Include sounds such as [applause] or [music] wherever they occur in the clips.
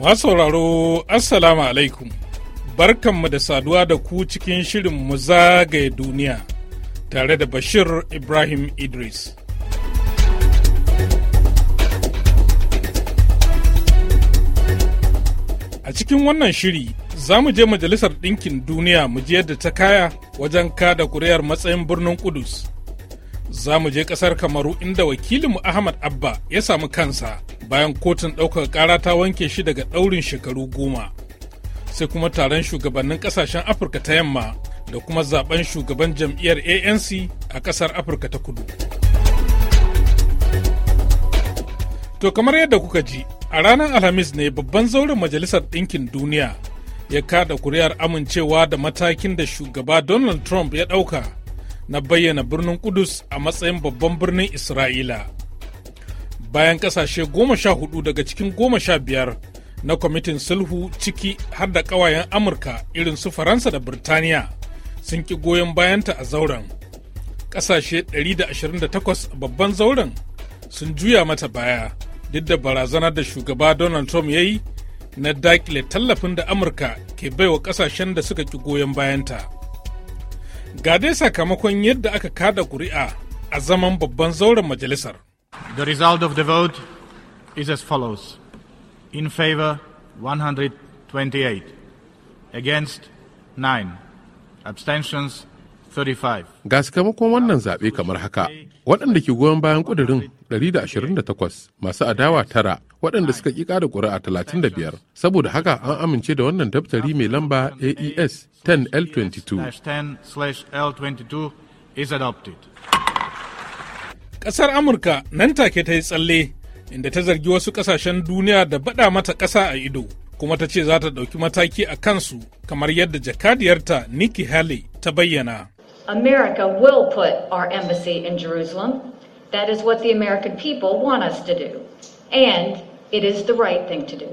Masu sauraro Assalamu alaikum. Barkanmu da saduwa da ku cikin shirin mu zagaye duniya tare da Bashir Ibrahim Idris. A cikin wannan shiri za mu je Majalisar Ɗinkin Duniya mu je yadda ta kaya wajen kada kuri'ar matsayin birnin Kudus. Za mu je ƙasar Kamaru inda wakilinmu Ahmad Abba ya samu kansa bayan kotun ɗaukar ƙara ta wanke shi daga ɗaurin shekaru goma. Sai kuma taron shugabannin ƙasashen Afirka ta yamma da kuma zaben shugaban jam'iyyar ANC a ƙasar Afirka ta kudu. To kamar yadda kuka ji, a ranar Alhamis ne babban zauren Majalisar Ɗinkin Duniya ya kada kuri'ar amincewa da matakin da shugaba Donald Trump ya ɗauka na bayyana birnin Kudus a matsayin babban birnin Isra'ila. Bayan kasashe goma sha hudu daga cikin goma sha biyar na kwamitin sulhu ciki har da ƙawayen Amurka irin su Faransa da Birtaniya sun ki goyon bayanta a zauren. Ƙasashe 128 babban zauren sun juya mata baya duk da barazanar da shugaba Donald Trump ya yi na dakile tallafin da Amurka ke baiwa ƙasashen da suka ki goyon bayanta. Ga dai sakamakon yadda aka kada kuri'a a zaman babban zauren majalisar. The result of the vote is as follows. In favor 128, against 9, abstentions 35. Ga sakamakon wannan zaɓe kamar haka, waɗanda ke goyon bayan ƙudurin 128 masu adawa tara waɗanda suka ƙi ƙada ƙuri'a biyar saboda haka an amince da wannan daftari mai lamba aes 10l22 ƙasar amurka nan take ta yi tsalle inda ta zargi wasu ƙasashen duniya da baɗa mata ƙasa a ido kuma ta ce za ta ɗauki mataki a kansu kamar yadda jakadiyarta Nikki Haley ta bayyana. America will put our embassy in Jerusalem. That is what the American people want And It is the right thing to do.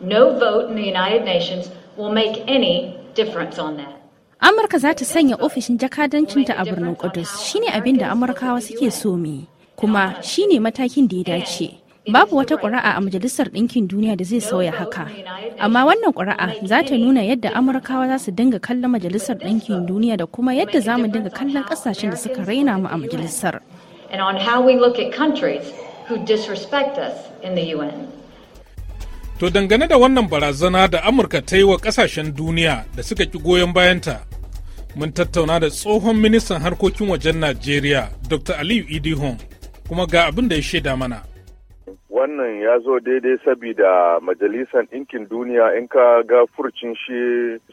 No vote in the United Nations will make any difference on that. Amurka za ta sanya ofishin jakadancinta a birnin Kudus shine abin da Amurkawa suke so me kuma shine matakin da ya dace. Babu wata ƙuri'a a Majalisar Ɗinkin Duniya da zai sauya haka. Amma wannan ƙuri'a za ta nuna yadda Amurkawa za su dinga kallon Majalisar Ɗinkin Duniya da kuma yadda za mu dinga kallon ƙasashen da suka raina mu a Majalisar. And on how we look at countries who disrespect us in the UN. To dangane da wannan barazana da Amurka ta yi wa kasashen duniya da suka ki goyon bayanta, mun tattauna da tsohon ministan harkokin wajen Najeriya Dr. Aliyu Idihon kuma ga abin da ya shaida mana. Wannan ya zo daidai sabida Majalisar Ɗinkin Duniya in ka ga furcin shi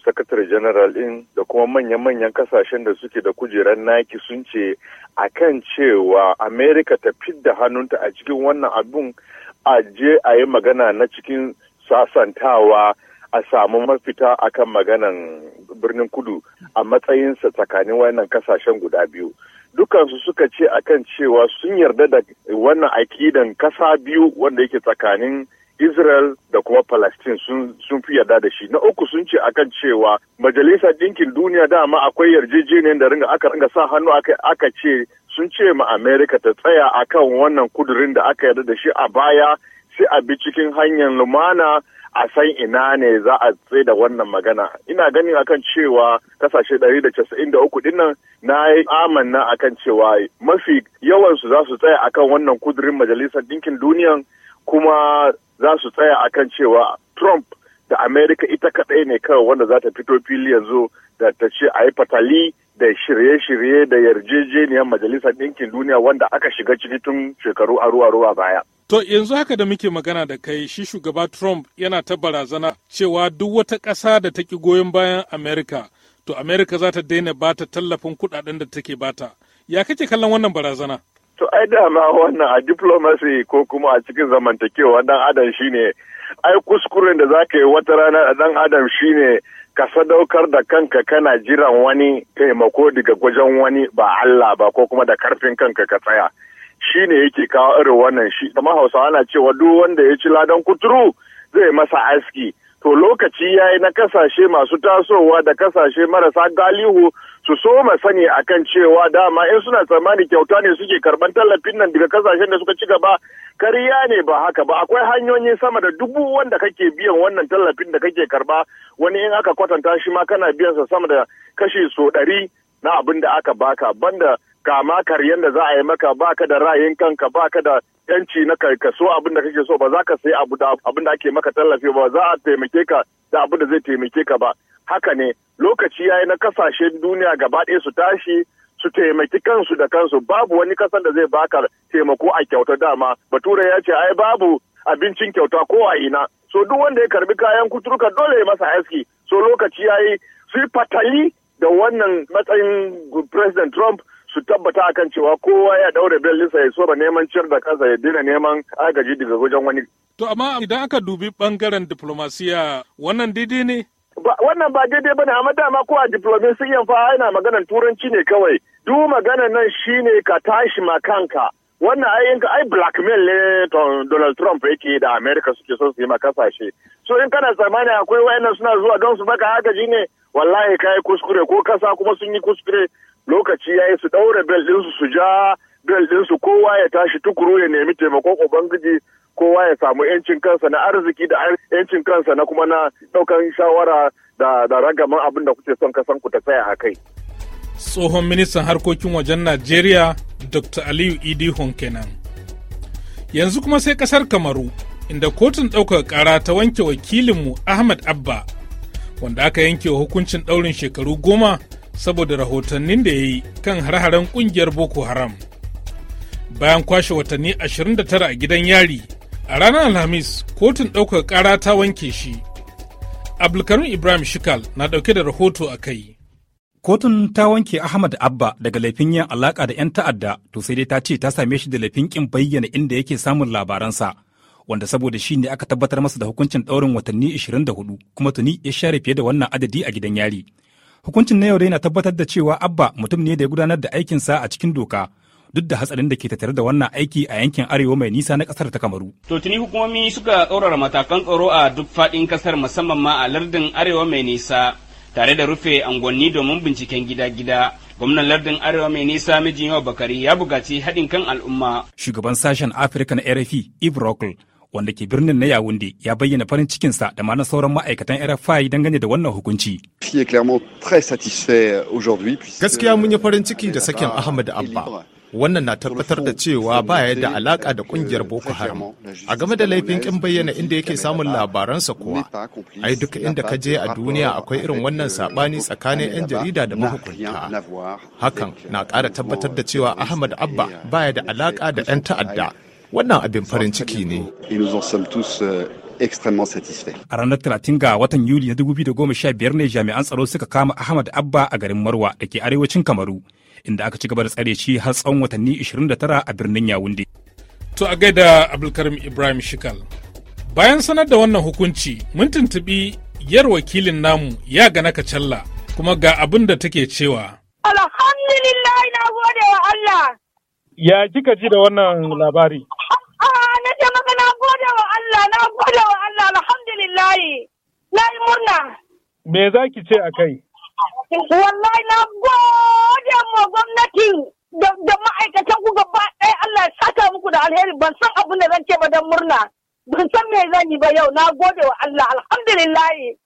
Sakatare General ɗin da kuma manya-manyan kasashen da suke da kujerar naki sun ce a kan cewa amerika ta fidda hannunta a cikin wannan abun a je a yi magana na cikin sasantawa a samu mafita akan maganan birnin kudu a matsayinsa tsakanin wannan kasashen guda biyu dukansu suka ce akan cewa sun yarda da wannan akidan ƙasa biyu wanda yake tsakanin Israel da kuma Palestine sun fi yarda da shi. Na uku sun ce akan cewa Majalisar Ɗinkin Duniya dama akwai yarjejeniyar da ringa aka ringa sa hannu aka aka ce sun ce ma Amerika ta tsaya akan wannan kudurin da aka yarda da shi a baya sai a bi cikin hanyar lumana a san ina ne za a tsaye da wannan magana. Ina ganin akan cewa kasashe 193 din nan na yi amanna akan cewa mafi yawansu za su tsaya akan wannan kudurin Majalisar dinkin Duniya kuma za su tsaya akan cewa Trump da Amerika ita kaɗai ne kawai wanda za ta fito fili yanzu da ta ce a yi fatali da shirye-shirye da yarjejeniyar Majalisar Ɗinkin Duniya wanda aka shiga ciki tun shekaru aruwa-ruwa ruwa baya. To yanzu haka da muke magana da kai shi shugaba Trump yana ta barazana cewa duk wata ƙasa da ta ƙi goyon bayan Amerika to Amerika za ta daina bata tallafin kuɗaɗen da take bata. Ya kake kallon wannan barazana? To ai dama wannan a diplomacy ko kuma a cikin zamantakewa dan adam shine ai kuskuren da za ka yi wata rana dan adam shine ka sadaukar da kanka kana jiran wani taimako daga gwajen wani ba Allah ba ko kuma da karfin kanka ka tsaya shi ne yake kawo irin wannan shi kamar hausawa ana cewa duk wanda ya ci ladan kuturu zai masa aski to lokaci ya yi na kasashe masu tasowa da kasashe marasa galihu su soma sani a kan cewa dama in suna tsammani kyauta ne suke karban tallafin nan daga kasashen da suka ci gaba kariya ne ba haka ba akwai hanyoyin sama da dubu wanda kake biyan wannan tallafin da kake karba wani in aka kwatanta shi ma kana biyansa sama da kashi so ɗari na abin da aka baka banda kama karyan da za a yi maka baka da ra'ayin kanka baka da yanci na kai ka so abin da kake so ba za ka sai abu da abin da ake maka tallafi ba za a taimake ka da abin da zai taimake ka ba haka ne lokaci yayi na kasashen duniya gaba ɗaya su tashi su taimaki kansu da kansu babu wani kasar da zai baka taimako a kyauta dama bature ya ce ai babu abincin kyauta ko a ina so duk wanda ya karbi kayan kuturka dole ya masa aski so lokaci yayi su fatali da wannan matsayin president trump su tabbata akan cewa kowa ya daure bellinsa ya soba neman ciyar da kansa ya daina neman agaji daga wajen wani. To amma idan aka dubi bangaren diplomasiya wannan didi ne? Wannan ba daidai ba ne amma dama ko a diplomasiyan fa yana maganan turanci ne kawai. Duk maganan nan shine ka tashi ma kanka. wannan ai ka ai blackmail ne Donald Trump yake da Amerika suke so su yi ma kasashe so in kana tsammani akwai wayannan suna zuwa don su baka agaji ne wallahi kai kuskure ko kasa kuma sun yi kuskure lokaci ya yi su ɗaura bel ɗinsu su ja bel ɗinsu kowa ya tashi tukuru ya nemi taimakon ubangiji kowa ya samu yancin kansa na arziki da yancin kansa na kuma na ɗaukan shawara da, da ragaman abin da kuke son kasan ku ta tsaya a kai. Tsohon ministan harkokin wajen Najeriya Dr. Aliyu Idi kenan. Yanzu kuma sai kasar Kamaru inda kotun ɗaukar ƙara ta wanke wakilinmu Ahmad Abba wanda aka yanke wa hukuncin ɗaurin shekaru goma saboda rahotannin da ya yi kan hare-haren kungiyar boko haram bayan kwashe watanni 29 a gidan yari a ranar alhamis kotun ɗaukar ƙara ta wanke shi abdulkarim ibrahim shikal na ɗauke da rahoto a kai kotun ta wanke ahmad abba daga laifin yin alaƙa da 'yan ta'adda to sai dai ta ce ta same shi da laifin ƙin bayyana inda yake samun labaransa wanda saboda shi ne aka tabbatar masa da hukuncin ɗaurin watanni 24 kuma tuni ya share fiye da wannan adadi a gidan yari Hukuncin na yau dai na tabbatar da cewa Abba mutum ne da ya gudanar da aikinsa a cikin doka duk da hatsarin da ke tattare da wannan aiki a yankin arewa mai nisa na kasar ta kamaru. To tuni hukumomi suka tsaurara matakan tsaro a duk faɗin kasar musamman ma a lardin arewa mai nisa tare da rufe angonni domin binciken gida-gida. Gwamnan lardin arewa mai nisa mijin yawa bakari ya bugaci haɗin kan al'umma. Shugaban sashen Afirka na RFI Ibrokl wanda ke birnin na Yawunde ya bayyana farin cikinsa da ma na sauran ma'aikatan RFI dangane da wannan hukunci. Gaskiya mun yi farin ciki da sakin Ahmad Abba. Wannan na tabbatar da cewa ba ya da alaka da ƙungiyar Boko Haram. A game da laifin kin bayyana inda yake samun labaransa kuwa, ai duk inda ka je a duniya akwai irin wannan euh, saɓani tsakanin 'yan jarida da mahukunta. Hakan na ƙara tabbatar da cewa Ahmad Abba ba ya da alaka da 'yan ta'adda. wannan abin farin ciki ne euh, A ranar 30 ga watan Yuli na 2015 ne jami'an tsaro suka kama Ahmad Abba a garin Marwa da ke arewacin Kamaru, inda aka ci gaba da tsare shi har tsawon watanni 29 a birnin Yawunde. To a gaida Abdulkarim Ibrahim Shikal. Bayan sanar da wannan hukunci, mun tuntubi yar wakilin namu ya ga na kacalla kuma ga abin da take cewa. Alhamdulillah na gode wa Allah. Ya kika ji da wannan labari? Ah, na ce maka na gode wa Allah, na gode wa Allah, alhamdulillahi. Na yi murna. Me za ki ce a kai? Wallahi na gode ma gwamnati da ma'aikatan ku gaba ɗaya Allah ya saka muku da alheri ban san abin da zan ce ba don murna. Ban san me zan yi ba yau, na gode wa Allah, alhamdulillahi.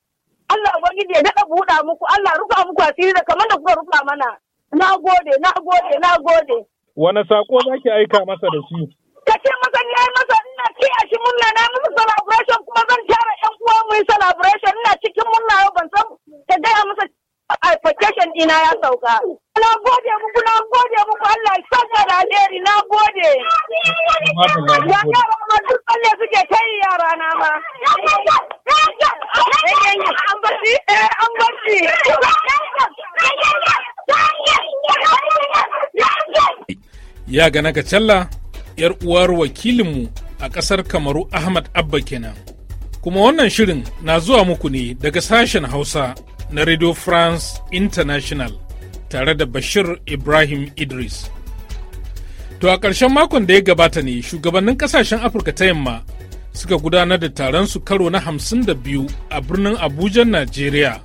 Allah Ubangiji ya daɗa buɗa muku, Allah rufa muku asiri da kamar da kuka rufa mana. Na gode, na gode, na gode. Wane saƙo za ki aika masa da shi? Ka ce masa ni yi masa ina ce a shi murna na musu celebration kuma zan tara ƴan uwa mu yi celebration ina cikin murna yau ban san ta gaya masa application ɗina ya sauka. Na gode muku na gode muku Allah ya sanya da alheri na gode. yara ma duk tsalle suke ta yi yara na ma. An bar shi? Eh ya gana ga calla yar uwar wakilinmu a ƙasar kamaru ahmad abba kenan kuma wannan shirin na zuwa muku ne daga sashen hausa na radio france international tare da bashir ibrahim idris to a ƙarshen makon da ya gabata ne shugabannin ƙasashen afirka ta yamma suka gudanar da taron su karo na hamsin da biyu a birnin abuja najeriya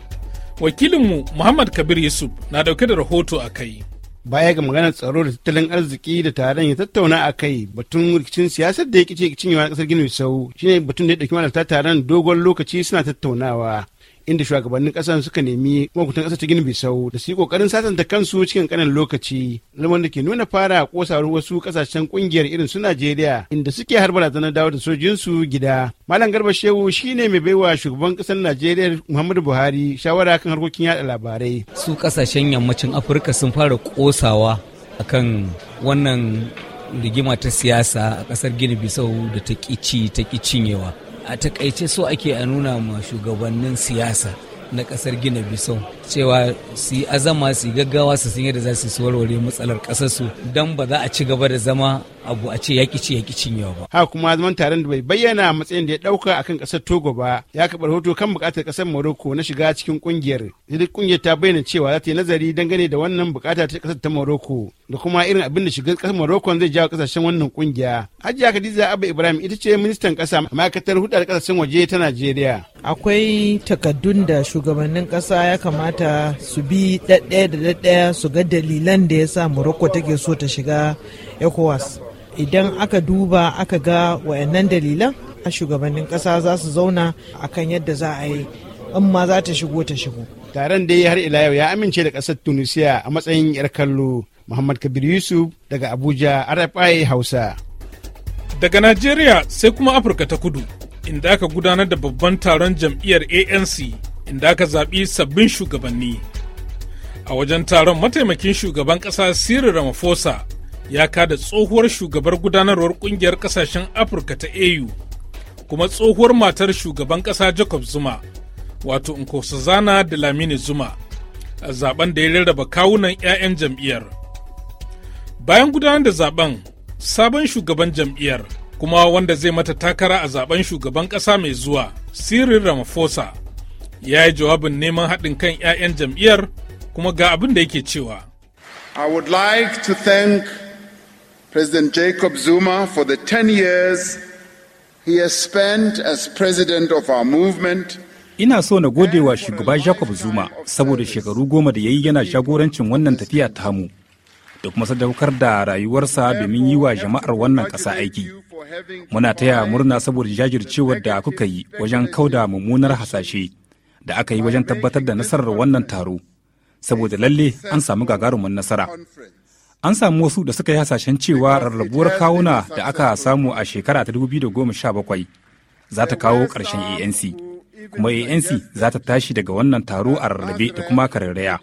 wakilinmu muhammad kabir yusuf na dauke da rahoto a kai baya ga maganar tsaro da tattalin arziki da taron ya tattauna a kai batun rikicin siyasar da ya kice cinyewa kasar gini sau shine batun da ya dauki malarta taron dogon lokaci suna tattaunawa inda shugabannin ƙasar suka nemi mahukuntan ƙasar ta gini bisau da su yi ƙoƙarin sasanta kansu cikin ƙanan lokaci lamar da ke nuna fara ƙosawar wasu ƙasashen ƙungiyar irin su najeriya inda suke har barazanar dawo da sojinsu gida malam garba shehu shine mai baiwa shugaban ƙasar najeriya muhammadu buhari shawara kan harkokin yaɗa labarai su ƙasashen yammacin afirka sun fara ƙosawa akan wannan rigima ta siyasa a ƙasar gini bisau da ta ƙici ta ƙi cinyewa a takaice so ake a nuna ma shugabannin siyasa na kasar gina bisau cewa su yi azama su yi gaggawa su sun yadda za su su warware matsalar kasar su don ba za a ci gaba da zama abu a ce yaki ci yaki cinyewa ba ha kuma zaman taron da bai bayyana matsayin da ya dauka akan kasar togo ba ya kaɓa rahoto kan bukatar kasar morocco na shiga cikin kungiyar duk kungiyar ta bayyana cewa za ta yi nazari dangane da wannan bukata ta kasar ta morocco da kuma irin abin da shiga kasar morocco zai jawo kasashen wannan kungiya hajiya khadija Abba ibrahim ita ce ministan kasa ma'aikatar hudar kasashen waje ta najeriya akwai takaddun da shugabannin ƙasa ya kamata su bi ɗaɗɗaya da ɗaɗɗaya su ga dalilan da ya sa Morocco take so ta shiga ECOWAS. Idan aka duba aka ga wayannan dalilan, a shugabannin ƙasa za su zauna a kan yadda za a yi in ma za ta shigo ta shigo. Taron dai har ila yau ya amince da ƙasar Tunisia a matsayin 'yar kallo Muhammad Kabir Yusuf daga Abuja RFI Hausa. Daga Najeriya sai kuma Afirka ta kudu inda aka gudanar da babban taron jam'iyyar ANC inda aka zaɓi sabbin shugabanni a wajen taron mataimakin shugaban ƙasa sirri ramaphosa ya kada tsohuwar shugabar gudanarwar ƙungiyar ƙasashen afirka ta au kuma tsohuwar matar shugaban ƙasa jacob zuma wato nkosazana da lamini zuma a zaben da ya rarraba kawunan 'ya'yan jam'iyyar bayan gudanar da zaben sabon shugaban jam'iyyar kuma wanda zai mata takara a zaben shugaban ƙasa mai zuwa sirrin ramaphosa ya yi jawabin neman haɗin kan 'ya'yan jam'iyyar kuma ga abin da yake cewa. I would like to thank President Jacob Zuma for the 10 years he has spent as president of our movement. Ina so na gode wa shugaba Jacob Zuma saboda shekaru goma da yayi yi yana jagorancin wannan tafiya ta hamu da kuma sadaukar da rayuwarsa domin yi wa jama'ar wannan ƙasa aiki. Muna taya murna saboda jajircewar da kuka yi wajen kauda mummunar hasashe da aka yi wajen tabbatar da nasarar wannan taro saboda lalle an samu gagarumin nasara an samu wasu da suka yi hasashen cewa rarrabuwar kawuna da aka samu a shekara ta da goma 2017 za ta kawo ƙarshen anc kuma anc za ta tashi daga wannan taro a rarrabe da kuma kararraya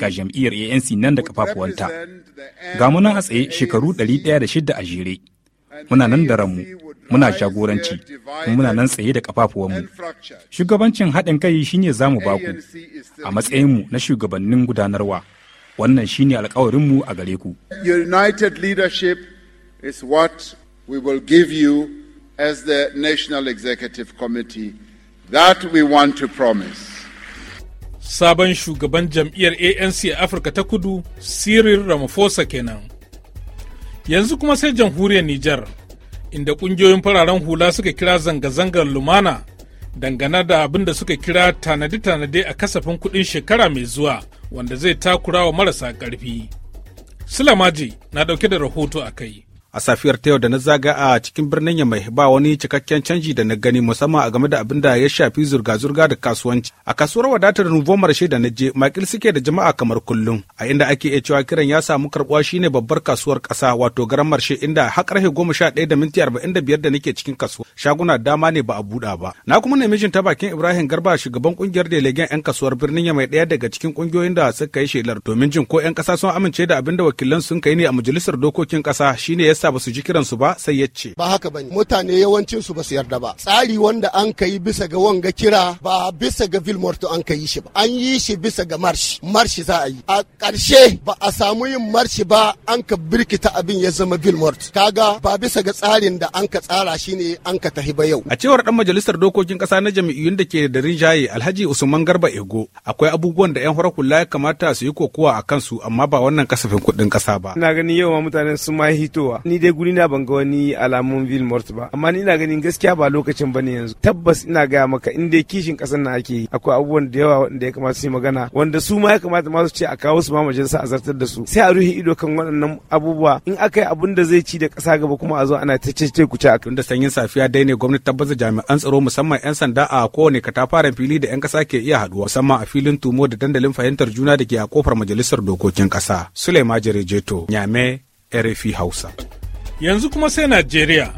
ga jam'iyyar anc nan da kafafuwanta ga munan a tsaye shekaru 106 a jere muna nan da ranmu muna jagoranci muna nan tsaye da kafafuwanmu shugabancin haɗin kai shine za mu baku a matsayinmu na shugabannin gudanarwa wannan shine alkawarinmu a gare ku united leadership is what we will give you as the national executive committee that we want to promise sabon shugaban jam'iyyar anc a afirka ta kudu cyril ramaphosa kenan Yanzu kuma sai jamhuriyar Nijar, inda ƙungiyoyin fararen hula suka kira zanga-zangar lumana dangane da abin da suka kira tanade-tanade a kasafin kuɗin shekara mai zuwa wanda zai takura wa marasa ƙarfi. Sulamaji na ɗauke da rahoto a kai. a safiyar ta yau da na zaga a cikin birnin yamai ba wani cikakken canji da na gani musamman a game da abin da ya shafi zurga-zurga da kasuwanci a kasuwar wadatar nuvomar marshe da na je makil suke da jama'a kamar kullum a inda ake iya cewa kiran ya samu karbuwa shine babbar kasuwar kasa wato garan marshe inda har karfe goma sha ɗaya da minti arba'in da biyar da nake cikin kasuwa shaguna dama ne ba a buɗa ba na kuma nemi ta bakin ibrahim garba shugaban kungiyar delegen yan kasuwar birnin yamai ɗaya daga cikin kungiyoyin da suka yi shelar domin jin ko yan kasa sun amince da abin da wakilan sun kai ne a majalisar dokokin kasa shine yasa sa ba su ji kiransu ba sai ya ce. Ba haka bane mutane yawancin su ba su yarda ba. Tsari wanda an ka yi bisa ga wanga kira ba bisa ga Vilmorto an ka yi shi ba. An yi shi bisa ga marshi. Marshi za a yi. A ƙarshe ba a samu yin marshi ba an ka birkita abin ya zama Vilmorto. Kaga ba bisa ga tsarin da an ka tsara shi ne an ka tahi ba yau. A cewar dan majalisar dokokin ƙasa na jami'un da ke da rinjaye Alhaji Usman Garba Ego akwai abubuwan da 'yan horar kula ya kamata su yi kokowa a kansu amma ba wannan kasafin kuɗin ƙasa ba. Ina ganin yau ma mutanen sun ma hitowa ni dai guri na ban ga wani alamun vil mort ba amma ni ina ganin gaskiya ba lokacin bane yanzu tabbas ina gaya maka in dai kishin kasar na ake yi akwai abubuwan da yawa wanda ya kamata su magana wanda su ma ya kamata ma su ce a kawo su ma majalisa a zartar da su sai a ruhi ido kan waɗannan abubuwa in aka yi abun da zai ci da ƙasa gaba kuma a zo ana ta ce ku ci a da sanyin safiya dai ne gwamnati tabbata jami'an tsaro musamman 'yan sanda a kowane katafaren fili da 'yan kasa ke iya haduwa musamman a filin tumo da dandalin fahimtar juna da ke a kofar majalisar dokokin ƙasa. Sulema Jerejeto, Nyame, RFI Hausa. Yanzu kuma sai Najeriya,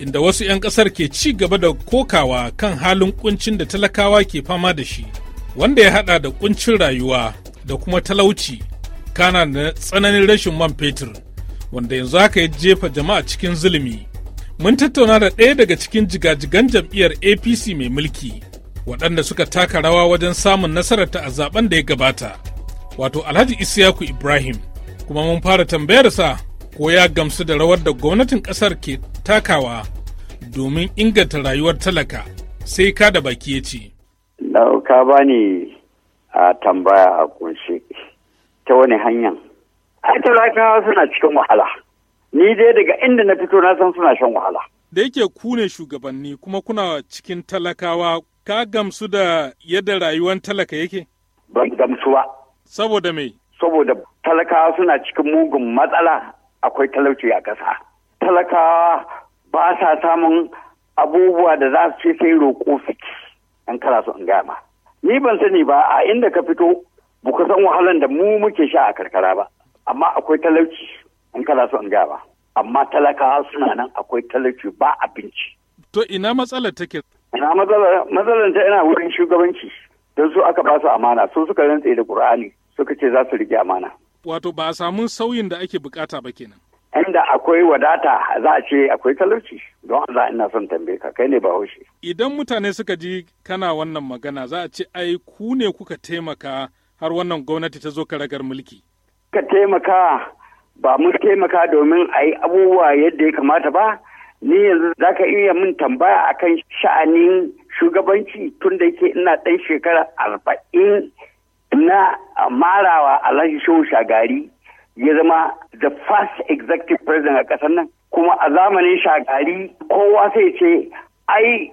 inda wasu 'yan ƙasar ke ci gaba da kokawa kan halin ƙuncin da talakawa ke fama da shi, wanda ya haɗa da ƙuncin rayuwa da kuma talauci, kana da tsananin rashin man fetur, wanda yanzu haka ya jefa jama'a cikin zulumi. Mun tattauna da ɗaya daga cikin jigajigan jam'iyyar APC mai mulki, waɗanda suka taka rawa wajen samun nasararta a zaben da ya gabata, wato Alhaji Isiyaku Ibrahim, kuma mun fara tambayarsa ko ya gamsu da rawar da gwamnatin ƙasar ke takawa domin inganta rayuwar talaka sai ka da baki ya ce. ka ba ni a tambaya a kunshi ta wani hanyar. Ai talakawa suna cikin wahala. Ni dai daga inda na fito na san suna shan wahala. Da yake ku ne shugabanni kuma kuna cikin talakawa ka gamsu da yadda rayuwar talaka yake? Ban gamsu ba. Saboda me? Saboda talakawa suna cikin mugun matsala akwai talauci a ƙasa talakawa ba sa samun abubuwa da za su ce sai roƙo fiki an kara su an gama ni ban sani ba a inda ka fito ba ku san wahalan da mu muke sha a karkara ba amma akwai talauci an kara su an gama amma talakawa suna nan akwai talauci ba abinci to ina matsalar take ina matsalar matsalar ta ina wurin shugabanci don su aka ba su amana su suka rantse da qur'ani suka ce za su rike amana wato ba a samu sauyin da ake bukata ba kenan inda akwai wadata za a ce akwai talauci don Allah ina son tambaye ka kai ne bahaushe idan mutane suka ji kana wannan magana za a ce ai ku ne kuka taimaka har wannan gwamnati ta zo karagar mulki ka taimaka ba mun taimaka domin a yi abubuwa yadda ya kamata ba ni yanzu za ka iya min tambaya akan sha'anin shugabanci tun da yake ina ɗan shekara arba'in na marawa alhaji shehu shagari ya zama the first executive president a ƙasar nan kuma a zamanin shagari kowa sai ce ai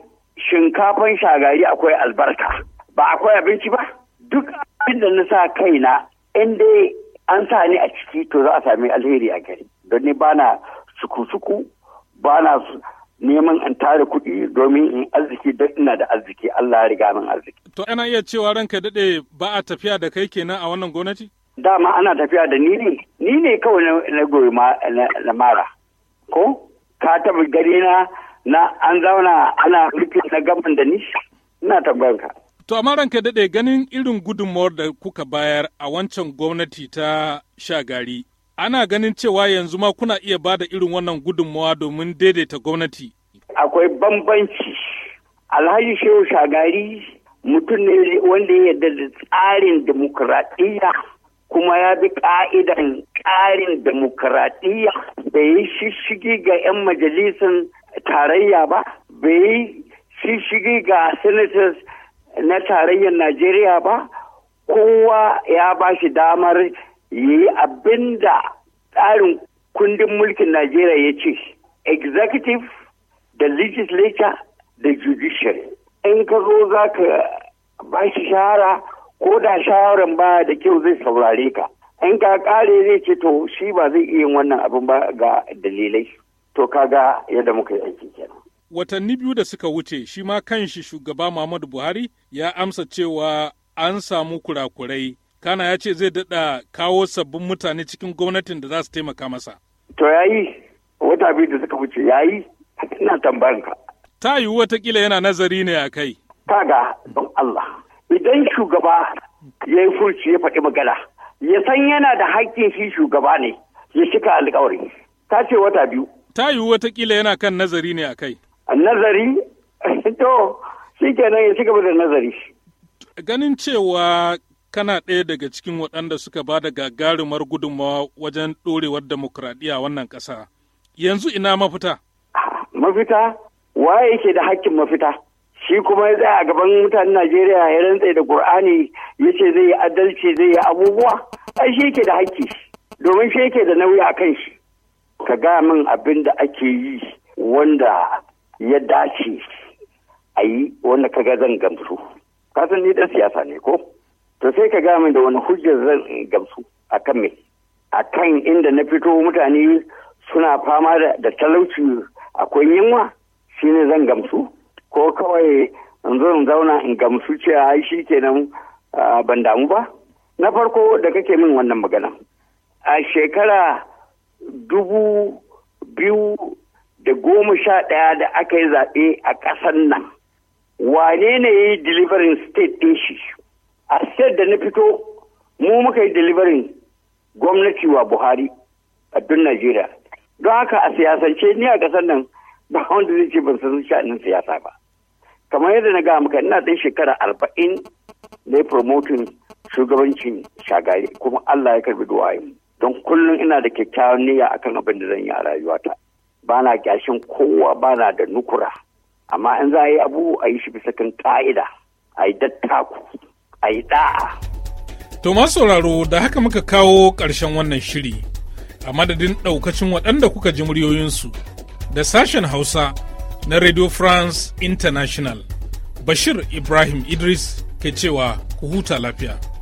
shinkafan shagari akwai albarka ba akwai abinci ba duk abin da na sa kaina in dai an sa ni a ciki to za a sami alheri a gari don ni bana suku-suku su. neman in tare kuɗi domin in arziki don ina da arziki Allah ya riga min arziki. To ana iya cewa ranka daɗe ba a tafiya da kai kenan a wannan gwamnati? Dama ana tafiya da ni ne, ni ne kawai na goyi na mara. Ko? Ka taɓa gari na an zauna ana rufe na gaban da ni? Ina tambayar ka. To amma ranka daɗe ganin irin gudunmawar da kuka bayar a wancan gwamnati ta shagari ana ganin cewa yanzu ma kuna iya ba da irin wannan gudunmawa domin daidaita gwamnati. Akwai bambanci. Alhaji Shehu Shagari mutum ne wanda ya yarda da tsarin demokuraɗiyya kuma ya bi ƙa'idan tsarin demokuraɗiyya bai yi shishigi ga 'yan majalisun tarayya ba, bai yi shishigi ga senators na tarayyar Najeriya ba, kowa ya ba shi damar yi abin da tsarin kundin mulkin Najeriya ya ce, executive da legislature da judiciary. In ka zo za ka ba shi shahara ko da shaharar ba da kyau zai saurare ka. In ka kare zai ce to shi ba zai iya yin wannan abin ba ga dalilai. To ka ga yadda muka yi aiki kenan. Watanni biyu da suka wuce shi ma kanshi shugaba Muhammadu Buhari ya amsa cewa an samu kurakurai Kana ya ce zai daɗa kawo sabbin mutane cikin gwamnatin da za su taimaka masa. To yayi wata biyu da suka wuce yayi ina tambayan ka. Ta yiwu watakila yana nazari ne a kai. ga don Allah idan shugaba ya yi furci ya faɗi magana ya san yana da haƙƙin shi shugaba ne ya cika alƙawari. Ta ce wata biyu. Ta yiwu watakila yana kan nazari ne a kai. Nazari? [laughs] To, shi kenan ya ci gaba da nazari. Ganin cewa kana ɗaya daga cikin waɗanda suka ba da gagarumar gudunmawa wajen ɗorewar demokradiyya wannan ƙasa. Yanzu ina mafita? Mafita? Waye yake da hakkin mafita? Shi kuma ya tsaya a gaban mutanen Najeriya ya rantse da Ƙur'ani ya ce zai yi adalci zai yi abubuwa? Ai shi yake da hakki, domin shi yake da nauyi a kan shi. Ka ga min abin da ake yi wanda ya dace a yi wanda ka ga zan gamsu. Kasan ni ɗan siyasa ne ko? to sai ka gami da wani hujjar zan gamsu a kan me a kan inda na fito mutane suna fama da talauci akwai yunwa shi ne zan gamsu ko kawai in zauna in gamsu cewa ai shi kenan ban damu ba na farko da kake min wannan magana a shekara dubu biyu da goma sha ɗaya da aka yi zaɓe a ƙasar nan wane ne ya yi delivering state ɗin shi a state da na fito mu muka yi delivery gwamnati wa buhari a duk najeriya don haka a siyasance ni a kasar nan ba wanda zai ce ban san sha'anin siyasa ba kamar yadda na ga maka ina ɗan shekara arba'in na yi promotin shugabancin shagari kuma allah ya karbi duwayen don kullum ina da kyakkyawan niyya akan abin da zan yi a rayuwata ba na kyashin kowa ba na da nukura amma in za a yi abu a yi shi bisa kan ka'ida a yi dattaku a yi To ma sauraro da haka muka kawo ƙarshen wannan shiri a madadin ɗaukacin waɗanda kuka ji muryoyinsu da sashen Hausa na Radio France International. Bashir Ibrahim Idris ke cewa ku huta lafiya.